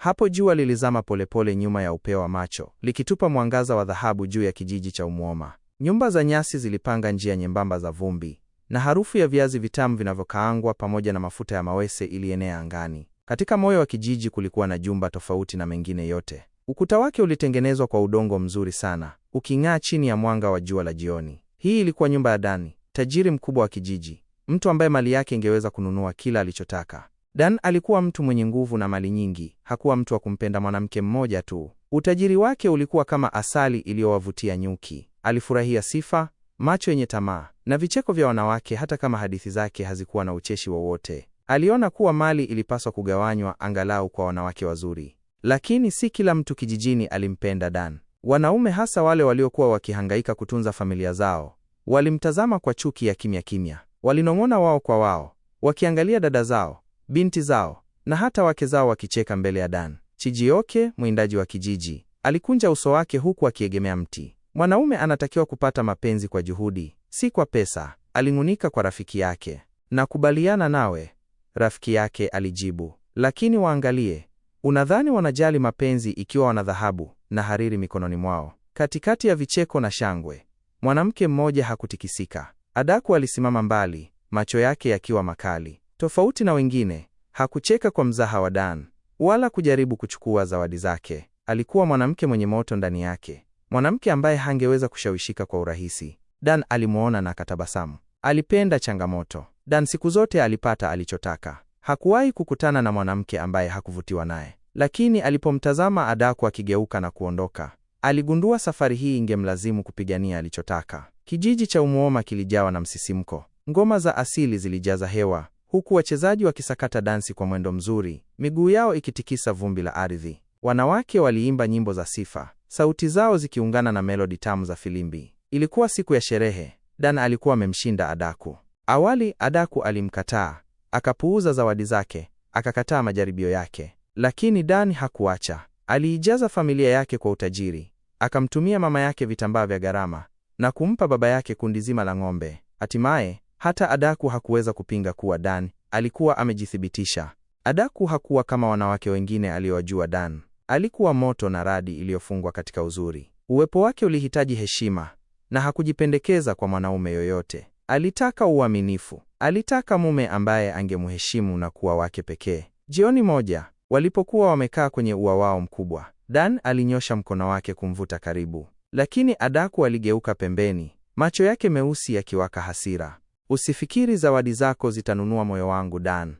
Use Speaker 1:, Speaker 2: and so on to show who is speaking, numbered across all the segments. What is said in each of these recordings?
Speaker 1: Hapo jua lilizama polepole nyuma ya upeo wa macho, likitupa mwangaza wa dhahabu juu ya kijiji cha Umwoma. Nyumba za nyasi zilipanga njia nyembamba za vumbi, na harufu ya viazi vitamu vinavyokaangwa pamoja na mafuta ya mawese ilienea angani. Katika moyo wa kijiji kulikuwa na jumba tofauti na mengine yote. Ukuta wake ulitengenezwa kwa udongo mzuri sana, uking'aa chini ya mwanga wa jua la jioni. Hii ilikuwa nyumba ya Dani, tajiri mkubwa wa kijiji, mtu ambaye mali yake ingeweza kununua kila alichotaka. Dan alikuwa mtu mwenye nguvu na mali nyingi, hakuwa mtu wa kumpenda mwanamke mmoja tu. Utajiri wake ulikuwa kama asali iliyowavutia nyuki. Alifurahia sifa, macho yenye tamaa na vicheko vya wanawake, hata kama hadithi zake hazikuwa na ucheshi wowote. Aliona kuwa mali ilipaswa kugawanywa angalau kwa wanawake wazuri, lakini si kila mtu kijijini alimpenda Dan. Wanaume, hasa wale waliokuwa wakihangaika kutunza familia zao, walimtazama kwa chuki ya kimya kimya. Walinong'ona wao kwa wao, wakiangalia dada zao binti zao na hata wake zao wakicheka mbele ya Dan. Chijioke, mwindaji wa kijiji, alikunja uso wake huku akiegemea mti. Mwanaume anatakiwa kupata mapenzi kwa juhudi, si kwa pesa, aling'unika kwa rafiki yake. Nakubaliana nawe, rafiki yake alijibu, lakini waangalie, unadhani wanajali mapenzi ikiwa wana dhahabu na hariri mikononi mwao? Katikati ya vicheko na shangwe, mwanamke mmoja hakutikisika. Adaku alisimama mbali, macho yake yakiwa makali. Tofauti na wengine Hakucheka kwa mzaha wa Dan wala kujaribu kuchukua zawadi zake. Alikuwa mwanamke mwenye moto ndani yake, mwanamke ambaye hangeweza kushawishika kwa urahisi. Dan alimwona na akatabasamu. Alipenda changamoto. Dan siku zote alipata alichotaka. Hakuwahi kukutana na mwanamke ambaye hakuvutiwa naye, lakini alipomtazama Adaku akigeuka na kuondoka, aligundua safari hii ingemlazimu kupigania alichotaka. Kijiji cha Umuoma kilijawa na msisimko. Ngoma za asili zilijaza hewa, huku wachezaji wakisakata dansi kwa mwendo mzuri, miguu yao ikitikisa vumbi la ardhi. Wanawake waliimba nyimbo za sifa, sauti zao zikiungana na melodi tamu za filimbi. Ilikuwa siku ya sherehe. Dan alikuwa amemshinda Adaku. Awali Adaku alimkataa, akapuuza zawadi zake, akakataa majaribio yake, lakini Dan hakuacha. Aliijaza familia yake kwa utajiri, akamtumia mama yake vitambaa vya gharama na kumpa baba yake kundi zima la ng'ombe. Hatimaye hata Adaku hakuweza kupinga kuwa Dan alikuwa amejithibitisha. Adaku hakuwa kama wanawake wengine aliyowajua Dan. Alikuwa moto na radi iliyofungwa katika uzuri. Uwepo wake ulihitaji heshima, na hakujipendekeza kwa mwanaume yoyote. Alitaka uaminifu, alitaka mume ambaye angemheshimu na kuwa wake pekee. Jioni moja walipokuwa wamekaa kwenye ua wao mkubwa, Dan alinyosha mkono wake kumvuta karibu, lakini Adaku aligeuka pembeni, macho yake meusi yakiwaka hasira. Usifikiri zawadi zako zitanunua moyo wangu, Dan,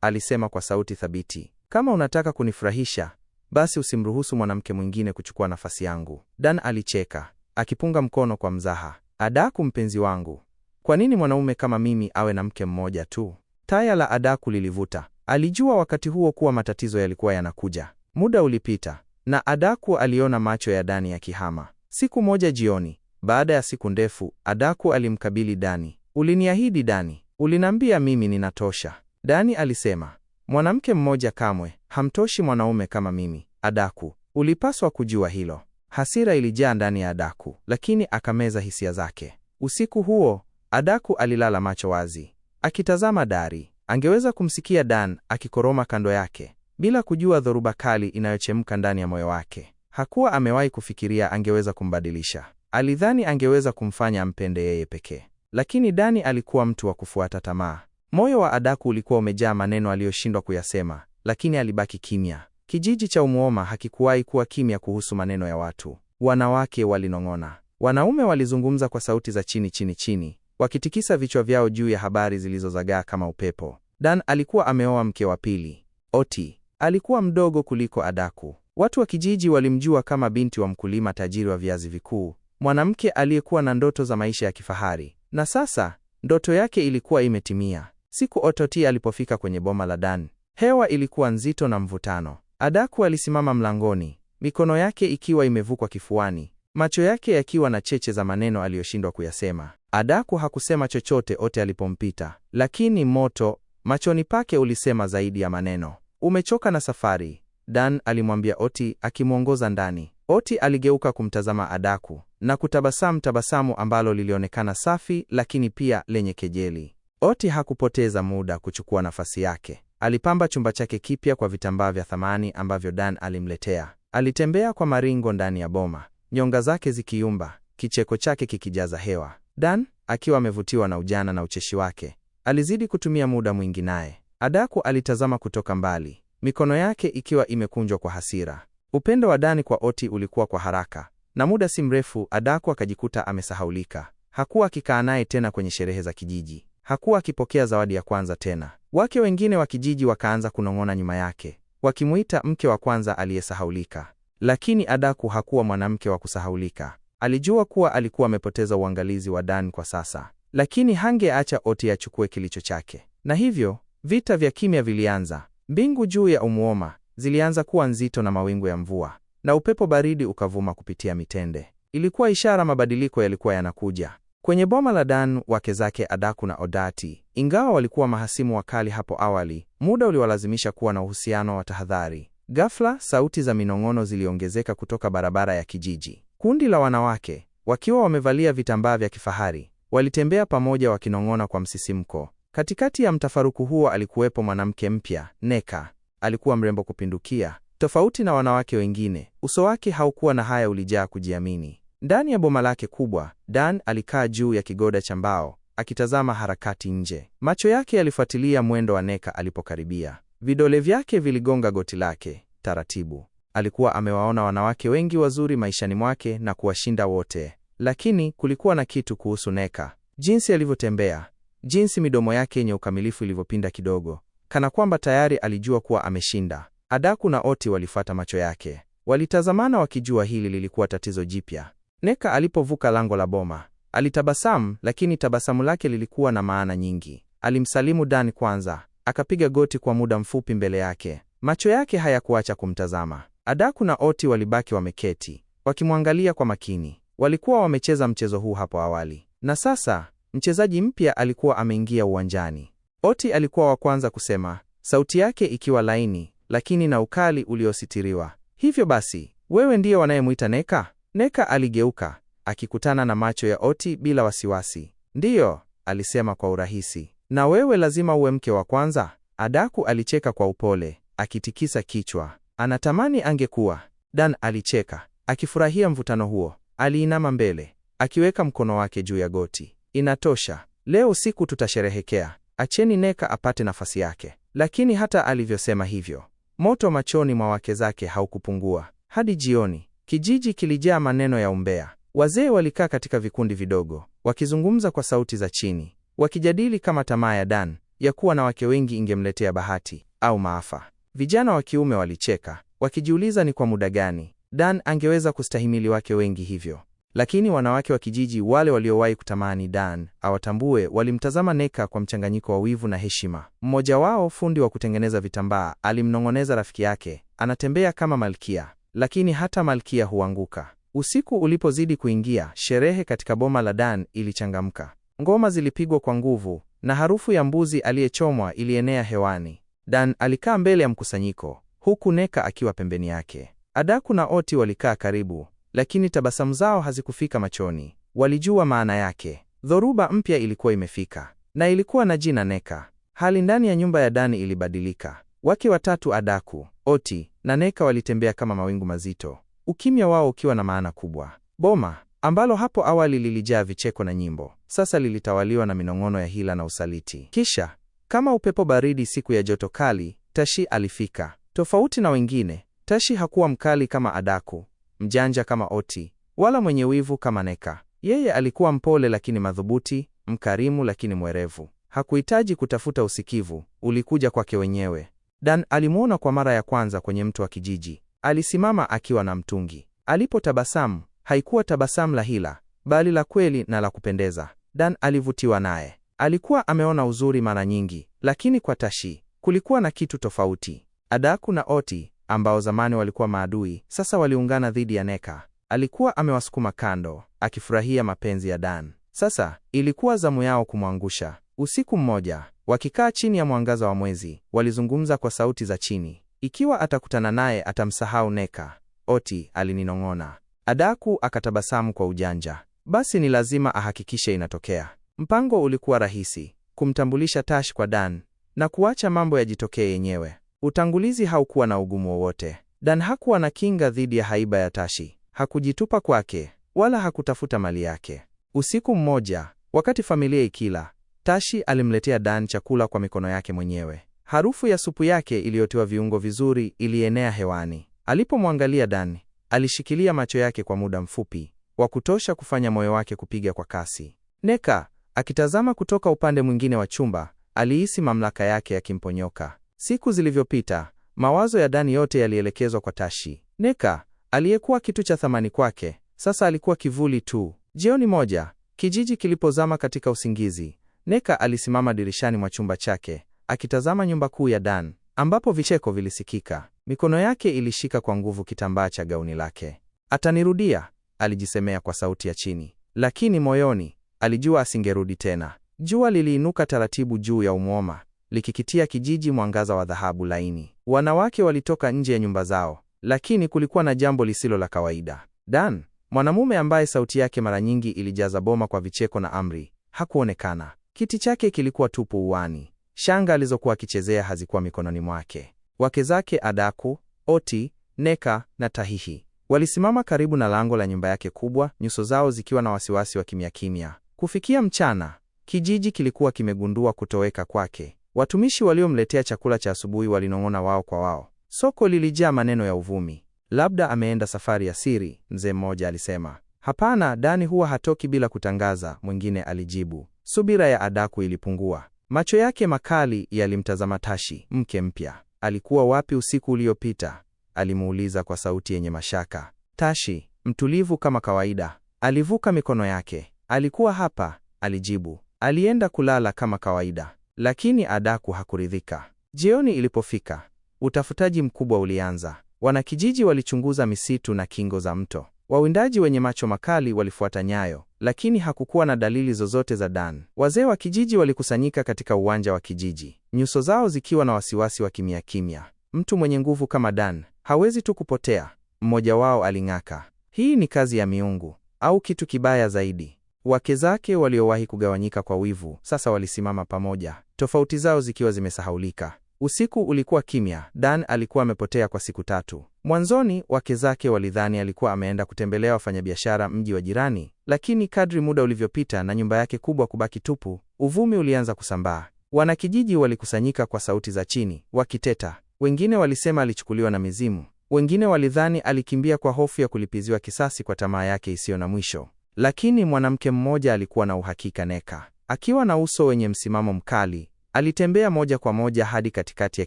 Speaker 1: alisema kwa sauti thabiti. Kama unataka kunifurahisha, basi usimruhusu mwanamke mwingine kuchukua nafasi yangu. Dan alicheka akipunga mkono kwa mzaha. Adaku, mpenzi wangu, kwa nini mwanaume kama mimi awe na mke mmoja tu? Taya la Adaku lilivuta. Alijua wakati huo kuwa matatizo yalikuwa yanakuja. Muda ulipita na Adaku aliona macho ya Dani yakihama. Siku moja jioni, baada ya siku ndefu, Adaku alimkabili Dani. Uliniahidi Dani, ulinambia mimi ninatosha. Dani alisema, mwanamke mmoja kamwe hamtoshi mwanaume kama mimi, Adaku. Ulipaswa kujua hilo. Hasira ilijaa ndani ya Adaku, lakini akameza hisia zake. Usiku huo Adaku alilala macho wazi akitazama dari. Angeweza kumsikia Dan akikoroma kando yake bila kujua dhoruba kali inayochemka ndani ya moyo wake. Hakuwa amewahi kufikiria angeweza kumbadilisha. Alidhani angeweza kumfanya ampende yeye pekee. Lakini Dani alikuwa mtu wa kufuata tamaa. Moyo wa Adaku ulikuwa umejaa maneno aliyoshindwa kuyasema, lakini alibaki kimya. Kijiji cha Umuoma hakikuwahi kuwa kimya kuhusu maneno ya watu. Wanawake walinong'ona, wanaume walizungumza kwa sauti za chini chini chini, wakitikisa vichwa vyao juu ya habari zilizozagaa kama upepo. Dan alikuwa ameoa mke wa pili. Oti alikuwa mdogo kuliko Adaku. Watu wa kijiji walimjua kama binti wa mkulima tajiri wa viazi vikuu, mwanamke aliyekuwa na ndoto za maisha ya kifahari. Na sasa ndoto yake ilikuwa imetimia. Siku Ototi alipofika kwenye boma la Dan, hewa ilikuwa nzito na mvutano. Adaku alisimama mlangoni, mikono yake ikiwa imevukwa kifuani, macho yake yakiwa na cheche za maneno aliyoshindwa kuyasema. Adaku hakusema chochote Ote alipompita, lakini moto machoni pake ulisema zaidi ya maneno. Umechoka na safari, Dan alimwambia Oti akimwongoza ndani. Oti aligeuka kumtazama Adaku na kutabasamu tabasamu ambalo lilionekana safi lakini pia lenye kejeli. Oti hakupoteza muda kuchukua nafasi yake. Alipamba chumba chake kipya kwa vitambaa vya thamani ambavyo Dan alimletea. Alitembea kwa maringo ndani ya boma, nyonga zake zikiumba kicheko chake kikijaza hewa. Dan akiwa amevutiwa na ujana na ucheshi wake, alizidi kutumia muda mwingi naye. Adaku alitazama kutoka mbali, mikono yake ikiwa imekunjwa kwa hasira. Upendo wa Dani kwa Oti ulikuwa kwa haraka, na muda si mrefu Adaku akajikuta amesahaulika. Hakuwa akikaa naye tena kwenye sherehe za kijiji, hakuwa akipokea zawadi ya kwanza tena. Wake wengine wa kijiji wakaanza kunong'ona nyuma yake, wakimuita mke wa kwanza aliyesahaulika. Lakini Adaku hakuwa mwanamke wa kusahaulika. Alijua kuwa alikuwa amepoteza uangalizi wa Dani kwa sasa, lakini hangeacha Oti achukue kilicho chake. Na hivyo vita vya kimya vilianza. Mbingu juu ya Umuoma zilianza kuwa nzito na mawingu ya mvua, na upepo baridi ukavuma kupitia mitende. Ilikuwa ishara mabadiliko yalikuwa yanakuja. Kwenye boma la Dan, wake zake Adaku na Odati, ingawa walikuwa mahasimu wakali hapo awali, muda uliwalazimisha kuwa na uhusiano wa tahadhari. Ghafla sauti za minong'ono ziliongezeka kutoka barabara ya kijiji. Kundi la wanawake wakiwa wamevalia vitambaa vya kifahari walitembea pamoja wakinong'ona kwa msisimko. Katikati ya mtafaruku huo alikuwepo mwanamke mpya Neka, alikuwa mrembo kupindukia, tofauti na wanawake wengine. Uso wake haukuwa na haya, ulijaa kujiamini. Ndani ya boma lake kubwa, Dan alikaa juu ya kigoda cha mbao akitazama harakati nje. Macho yake yalifuatilia mwendo wa Neka alipokaribia. Vidole vyake viligonga goti lake taratibu. Alikuwa amewaona wanawake wengi wazuri maishani mwake na kuwashinda wote, lakini kulikuwa na kitu kuhusu Neka, jinsi alivyotembea, jinsi midomo yake yenye ukamilifu ilivyopinda kidogo, kana kwamba tayari alijua kuwa ameshinda. Adaku na Oti walifuata macho yake, walitazamana wakijua hili lilikuwa tatizo jipya. Neka alipovuka lango la boma alitabasamu, lakini tabasamu lake lilikuwa na maana nyingi. Alimsalimu Dan kwanza, akapiga goti kwa muda mfupi mbele yake, macho yake hayakuacha kumtazama. Adaku na Oti walibaki wameketi wakimwangalia kwa makini. Walikuwa wamecheza mchezo huu hapo awali, na sasa mchezaji mpya alikuwa ameingia uwanjani. Oti alikuwa wa kwanza kusema, sauti yake ikiwa laini lakini na ukali uliositiriwa. Hivyo basi, wewe ndiye wanayemwita Neka? Neka aligeuka akikutana na macho ya Oti bila wasiwasi. Ndiyo, alisema kwa urahisi. Na wewe lazima uwe mke wa kwanza? Adaku alicheka kwa upole akitikisa kichwa. Anatamani angekuwa. Dan alicheka akifurahia mvutano huo. Aliinama mbele akiweka mkono wake juu ya goti. Inatosha, leo siku tutasherehekea acheni Neka apate nafasi yake. Lakini hata alivyosema hivyo, moto machoni mwa wake zake haukupungua. Hadi jioni, kijiji kilijaa maneno ya umbea. Wazee walikaa katika vikundi vidogo, wakizungumza kwa sauti za chini, wakijadili kama tamaa ya Dan ya kuwa na wake wengi ingemletea bahati au maafa. Vijana wa kiume walicheka, wakijiuliza ni kwa muda gani Dan angeweza kustahimili wake wengi hivyo. Lakini wanawake wa kijiji wale waliowahi kutamani Dan awatambue walimtazama Neka kwa mchanganyiko wa wivu na heshima. Mmoja wao, fundi wa kutengeneza vitambaa, alimnong'oneza rafiki yake, anatembea kama malkia, lakini hata malkia huanguka. Usiku ulipozidi kuingia, sherehe katika boma la Dan ilichangamka. Ngoma zilipigwa kwa nguvu na harufu ya mbuzi aliyechomwa ilienea hewani. Dan alikaa mbele ya mkusanyiko, huku Neka akiwa pembeni yake. Adaku na Oti walikaa karibu lakini tabasamu zao hazikufika machoni. Walijua maana yake. Dhoruba mpya ilikuwa imefika na ilikuwa na jina Neka. Hali ndani ya nyumba ya Dani ilibadilika. Wake watatu Adaku, Oti na Neka walitembea kama mawingu mazito, ukimya wao ukiwa na maana kubwa. Boma ambalo hapo awali lilijaa vicheko na nyimbo, sasa lilitawaliwa na minong'ono ya hila na usaliti. Kisha kama upepo baridi siku ya joto kali, Tashi alifika. Tofauti na wengine, Tashi hakuwa mkali kama Adaku, mjanja kama Oti, wala mwenye wivu kama Neka. Yeye alikuwa mpole lakini madhubuti, mkarimu lakini mwerevu. Hakuhitaji kutafuta usikivu, ulikuja kwake wenyewe. Dan alimwona kwa mara ya kwanza kwenye mto wa kijiji. Alisimama akiwa na mtungi. Alipotabasamu, haikuwa tabasamu la hila, bali la kweli na la kupendeza. Dan alivutiwa naye. Alikuwa ameona uzuri mara nyingi, lakini kwa Tashi kulikuwa na kitu tofauti. Adaku na Oti ambao zamani walikuwa maadui, sasa waliungana dhidi ya Neka. Alikuwa amewasukuma kando, akifurahia mapenzi ya Dan. Sasa ilikuwa zamu yao kumwangusha. Usiku mmoja, wakikaa chini ya mwangaza wa mwezi, walizungumza kwa sauti za chini. Ikiwa atakutana naye atamsahau Neka, Oti alininong'ona. Adaku akatabasamu kwa ujanja. Basi ni lazima ahakikishe inatokea. Mpango ulikuwa rahisi: kumtambulisha Tash kwa Dan na kuacha mambo yajitokee yenyewe. Utangulizi haukuwa na ugumu wowote. Dan hakuwa na kinga dhidi ya haiba ya Tashi, hakujitupa kwake wala hakutafuta mali yake. Usiku mmoja, wakati familia ikila, Tashi alimletea Dan chakula kwa mikono yake mwenyewe. Harufu ya supu yake iliyotiwa viungo vizuri ilienea hewani. Alipomwangalia Dan, alishikilia macho yake kwa muda mfupi wa kutosha kufanya moyo wake kupiga kwa kasi. Neka, akitazama kutoka upande mwingine wa chumba, alihisi mamlaka yake yakimponyoka. Siku zilivyopita, mawazo ya Dani yote yalielekezwa kwa Tashi. Neka aliyekuwa kitu cha thamani kwake sasa alikuwa kivuli tu. Jioni moja, kijiji kilipozama katika usingizi, Neka alisimama dirishani mwa chumba chake akitazama nyumba kuu ya Dan ambapo vicheko vilisikika. Mikono yake ilishika kwa nguvu kitambaa cha gauni lake. Atanirudia, alijisemea kwa sauti ya chini, lakini moyoni alijua asingerudi tena. Jua liliinuka taratibu juu ya umwoma likikitia kijiji mwangaza wa dhahabu laini. Wanawake walitoka nje ya nyumba zao, lakini kulikuwa na jambo lisilo la kawaida. Dan, mwanamume ambaye sauti yake mara nyingi ilijaza boma kwa vicheko na amri, hakuonekana. Kiti chake kilikuwa tupu uwani, shanga alizokuwa akichezea hazikuwa mikononi mwake. Wake zake Adaku, Oti, Neka na Tahihi walisimama karibu na lango la nyumba yake kubwa, nyuso zao zikiwa na wasiwasi wa kimya kimya. Kufikia mchana, kijiji kilikuwa kimegundua kutoweka kwake. Watumishi waliomletea chakula cha asubuhi walinong'ona wao kwa wao. Soko lilijaa maneno ya uvumi. Labda ameenda safari ya siri, mzee mmoja alisema. Hapana, Dani huwa hatoki bila kutangaza, mwingine alijibu. Subira ya Adaku ilipungua. Macho yake makali yalimtazama Tashi, mke mpya. Alikuwa wapi usiku uliopita? alimuuliza kwa sauti yenye mashaka. Tashi, mtulivu kama kawaida, alivuka mikono yake. Alikuwa hapa, alijibu. Alienda kulala kama kawaida. Lakini Adaku hakuridhika. Jioni ilipofika, utafutaji mkubwa ulianza. Wanakijiji walichunguza misitu na kingo za mto. Wawindaji wenye macho makali walifuata nyayo, lakini hakukuwa na dalili zozote za Dan. Wazee wa kijiji walikusanyika katika uwanja wa kijiji, nyuso zao zikiwa na wasiwasi wa kimya kimya. Mtu mwenye nguvu kama Dan hawezi tu kupotea, mmoja wao aling'aka. Hii ni kazi ya miungu au kitu kibaya zaidi. Wake zake waliowahi kugawanyika kwa wivu sasa walisimama pamoja, tofauti zao zikiwa zimesahaulika. Usiku ulikuwa kimya. Dan alikuwa amepotea kwa siku tatu. Mwanzoni wake zake walidhani alikuwa ameenda kutembelea wafanyabiashara mji wa jirani, lakini kadri muda ulivyopita na nyumba yake kubwa kubaki tupu, uvumi ulianza kusambaa. Wanakijiji walikusanyika kwa sauti za chini wakiteta. Wengine walisema alichukuliwa na mizimu, wengine walidhani alikimbia kwa hofu ya kulipiziwa kisasi kwa tamaa yake isiyo na mwisho. Lakini mwanamke mmoja alikuwa na uhakika Neka. Akiwa na uso wenye msimamo mkali, alitembea moja kwa moja hadi katikati ya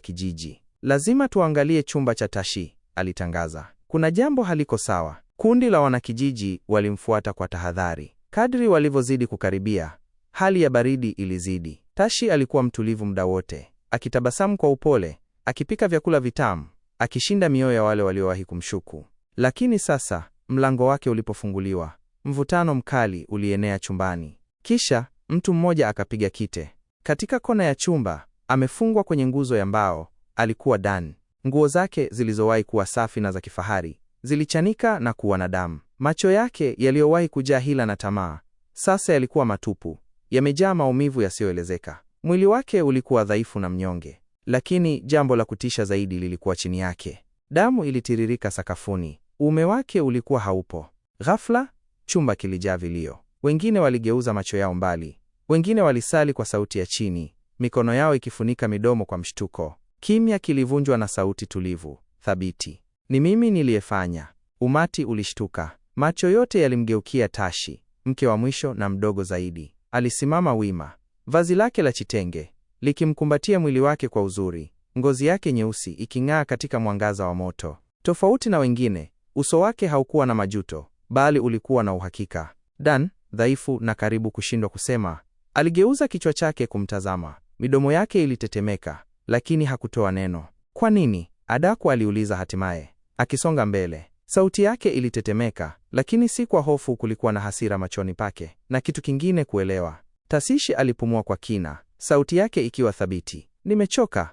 Speaker 1: kijiji. Lazima tuangalie chumba cha Tashi, alitangaza. Kuna jambo haliko sawa. Kundi la wanakijiji walimfuata kwa tahadhari. Kadri walivyozidi kukaribia, hali ya baridi ilizidi. Tashi alikuwa mtulivu muda wote, akitabasamu kwa upole, akipika vyakula vitamu, akishinda mioyo ya wale waliowahi kumshuku. Lakini sasa mlango wake ulipofunguliwa, Mvutano mkali ulienea chumbani, kisha mtu mmoja akapiga kite katika kona ya chumba. Amefungwa kwenye nguzo ya mbao alikuwa Dan. Nguo zake zilizowahi kuwa safi na za kifahari zilichanika na kuwa na damu. Macho yake yaliyowahi kujaa hila na tamaa sasa yalikuwa matupu, yamejaa maumivu yasiyoelezeka. Mwili wake ulikuwa dhaifu na mnyonge, lakini jambo la kutisha zaidi lilikuwa chini yake. Damu ilitiririka sakafuni, uume wake ulikuwa haupo. Ghafla Chumba kilijaa vilio, wengine waligeuza macho yao mbali, wengine walisali kwa sauti ya chini, mikono yao ikifunika midomo kwa mshtuko. Kimya kilivunjwa na sauti tulivu thabiti, ni mimi niliyefanya. Umati ulishtuka, macho yote yalimgeukia Tashi, mke wa mwisho na mdogo zaidi. Alisimama wima, vazi lake la chitenge likimkumbatia mwili wake kwa uzuri, ngozi yake nyeusi iking'aa katika mwangaza wa moto. Tofauti na wengine, uso wake haukuwa na majuto, bali ulikuwa na uhakika. Dan, dhaifu na karibu kushindwa kusema, aligeuza kichwa chake kumtazama. Midomo yake ilitetemeka, lakini hakutoa neno. Kwa nini? Adaku aliuliza hatimaye, akisonga mbele. Sauti yake ilitetemeka, lakini si kwa hofu. Kulikuwa na hasira machoni pake na kitu kingine, kuelewa. Tasishi alipumua kwa kina, sauti yake ikiwa thabiti. Nimechoka,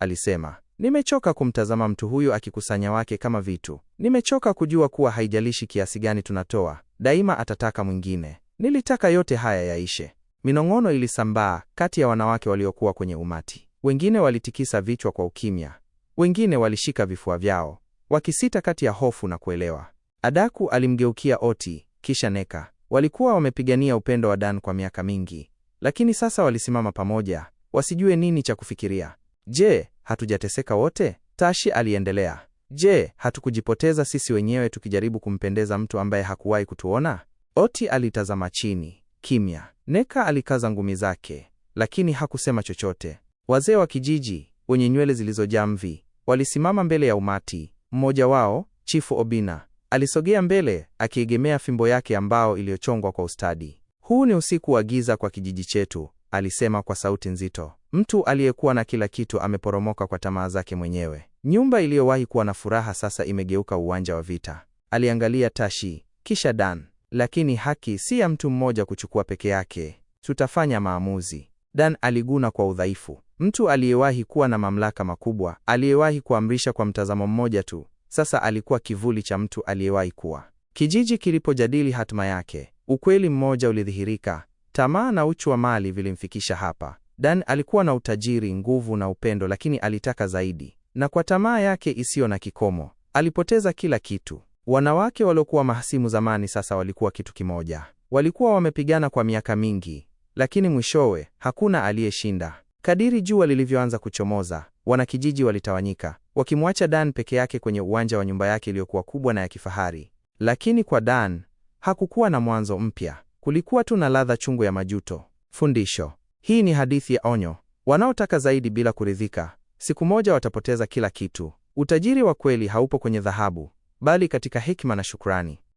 Speaker 1: alisema. Nimechoka kumtazama mtu huyu akikusanya wake kama vitu. Nimechoka kujua kuwa haijalishi kiasi gani tunatoa, daima atataka mwingine. Nilitaka yote haya yaishe. Minong'ono ilisambaa kati ya wanawake waliokuwa kwenye umati. Wengine walitikisa vichwa kwa ukimya, wengine walishika vifua vyao wakisita kati ya hofu na kuelewa. Adaku alimgeukia Oti kisha Neka. Walikuwa wamepigania upendo wa Dan kwa miaka mingi, lakini sasa walisimama pamoja, wasijue nini cha kufikiria. Je, hatujateseka wote? Tashi aliendelea. Je, hatukujipoteza sisi wenyewe tukijaribu kumpendeza mtu ambaye hakuwahi kutuona? Oti alitazama chini, kimya. Neka alikaza ngumi zake, lakini hakusema chochote. Wazee wa kijiji wenye nywele zilizojaa mvi walisimama mbele ya umati. Mmoja wao, Chifu Obina, alisogea mbele akiegemea fimbo yake ambao iliyochongwa kwa ustadi. Huu ni usiku wa giza kwa kijiji chetu, alisema kwa sauti nzito. Mtu aliyekuwa na kila kitu ameporomoka kwa tamaa zake mwenyewe. Nyumba iliyowahi kuwa na furaha sasa imegeuka uwanja wa vita. Aliangalia Tashi, kisha Dan. Lakini haki si ya mtu mmoja kuchukua peke yake. Tutafanya maamuzi. Dan aliguna kwa udhaifu. Mtu aliyewahi kuwa na mamlaka makubwa, aliyewahi kuamrisha kwa mtazamo mmoja tu, sasa alikuwa kivuli cha mtu aliyewahi kuwa. Kijiji kilipojadili hatima yake, ukweli mmoja ulidhihirika: tamaa na uchu wa mali vilimfikisha hapa. Dan alikuwa na utajiri, nguvu na upendo, lakini alitaka zaidi, na kwa tamaa yake isiyo na kikomo alipoteza kila kitu. Wanawake waliokuwa mahasimu zamani sasa walikuwa kitu kimoja. Walikuwa wamepigana kwa miaka mingi, lakini mwishowe hakuna aliyeshinda. Kadiri jua lilivyoanza kuchomoza, wanakijiji walitawanyika, wakimwacha Dan peke yake kwenye uwanja wa nyumba yake iliyokuwa kubwa na ya kifahari. Lakini kwa Dan hakukuwa na mwanzo mpya, kulikuwa tu na ladha chungu ya majuto. Fundisho: hii ni hadithi ya onyo. Wanaotaka zaidi bila kuridhika, siku moja watapoteza kila kitu. Utajiri wa kweli haupo kwenye dhahabu, bali katika hekima na shukrani.